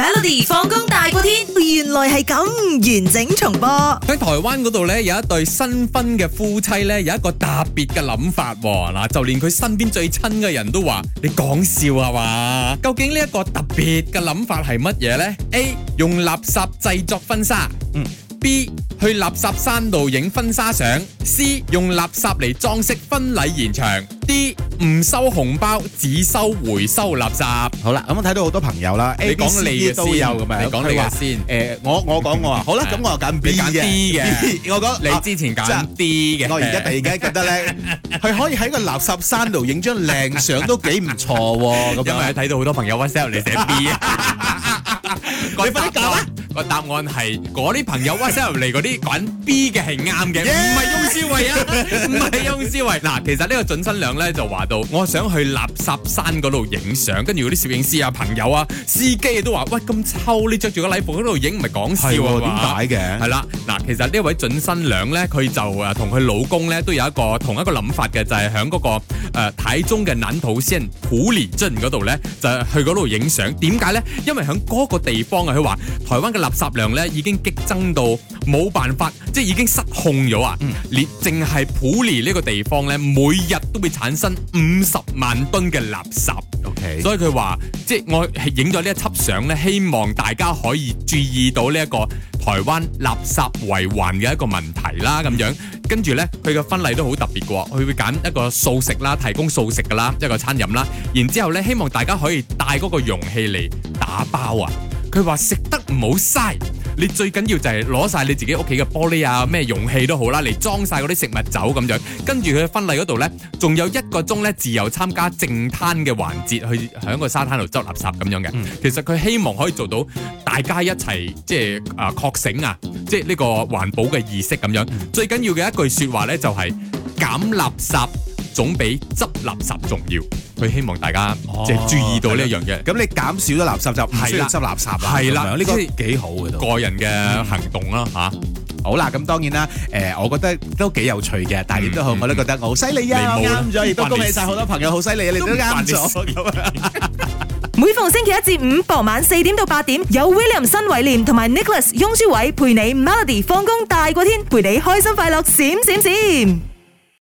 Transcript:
Melody 放工大過天，原來係咁完整重播。喺台灣嗰度咧，有一對新婚嘅夫妻咧，有一個特別嘅諗法嗱、哦，就連佢身邊最親嘅人都話：你講笑呀嘛？究竟呢一個特別嘅諗法係乜嘢咧？A 用垃圾製作婚紗，嗯，B。去垃圾山度影婚紗相，C 用垃圾嚟裝飾婚禮現場，D 唔收紅包只收回收垃圾。好啦，咁我睇到好多朋友啦，A C D 都有咁樣，你講你話先。誒，我我講我話，好啦，咁我又揀 B 揀 D 嘅。我講你之前揀 D 嘅，我而家突然間覺得咧，佢可以喺個垃圾山度影張靚相都幾唔錯。因為睇到好多朋友 WhatsApp 嚟寫 B 啊，改翻教啦。個答案係嗰啲朋友屈曬入嚟，嗰啲揀 B 嘅係啱嘅，唔係庸思維啊，唔係庸思維。嗱，其實呢個準新娘咧就話到，我係想去垃圾山嗰度影相，跟住嗰啲攝影師啊、朋友啊、司機啊都話：喂，咁臭，你著住個禮服喺度影，唔係講笑啊嘛？點解嘅？係啦，嗱，其實呢位準新娘咧，佢就誒同佢老公咧，都有一個同一個諗法嘅，就係喺嗰個誒台中嘅南投縣埔里鎮嗰度咧，就去嗰度影相。點解咧？因為喺嗰個地方啊，佢話台灣嘅。垃圾量咧已經激增到冇辦法，即係已經失控咗啊。連淨係普利呢個地方咧，每日都會產生五十萬噸嘅垃圾。OK，所以佢話即係我影咗呢一輯相咧，希望大家可以注意到呢一個台灣垃圾為患嘅一個問題啦。咁樣，跟住咧佢嘅婚禮都好特別嘅，佢會揀一個素食啦，提供素食噶啦，一個餐飲啦。然之後咧，希望大家可以帶嗰個容器嚟打包啊！佢話食得唔好嘥，你最緊要就係攞晒你自己屋企嘅玻璃啊，咩容器都好啦，嚟裝晒嗰啲食物走咁樣。跟住佢婚禮嗰度呢，仲有一個鐘呢，自由參加淨灘嘅環節，去喺個沙灘度執垃圾咁樣嘅。嗯、其實佢希望可以做到大家一齊即係啊覺醒啊，即係呢個環保嘅意識咁樣。最緊要嘅一句説話呢，就是，就係減垃圾總比執垃圾重要。佢希望大家即係注意到呢一樣嘢，咁你減少咗垃圾就唔需要執垃圾啦，係啦，呢個幾好嘅都個人嘅行動啦嚇。好啦，咁當然啦，誒，我覺得都幾有趣嘅，但係點都好，我都覺得好犀利啊！啱咗，亦都恭喜曬好多朋友好犀利，你都啱咗。每逢星期一至五傍晚四點到八點，有 William 新偉廉同埋 Nicholas 雍書偉陪你 Melody 放工大過天，陪你開心快樂閃閃閃。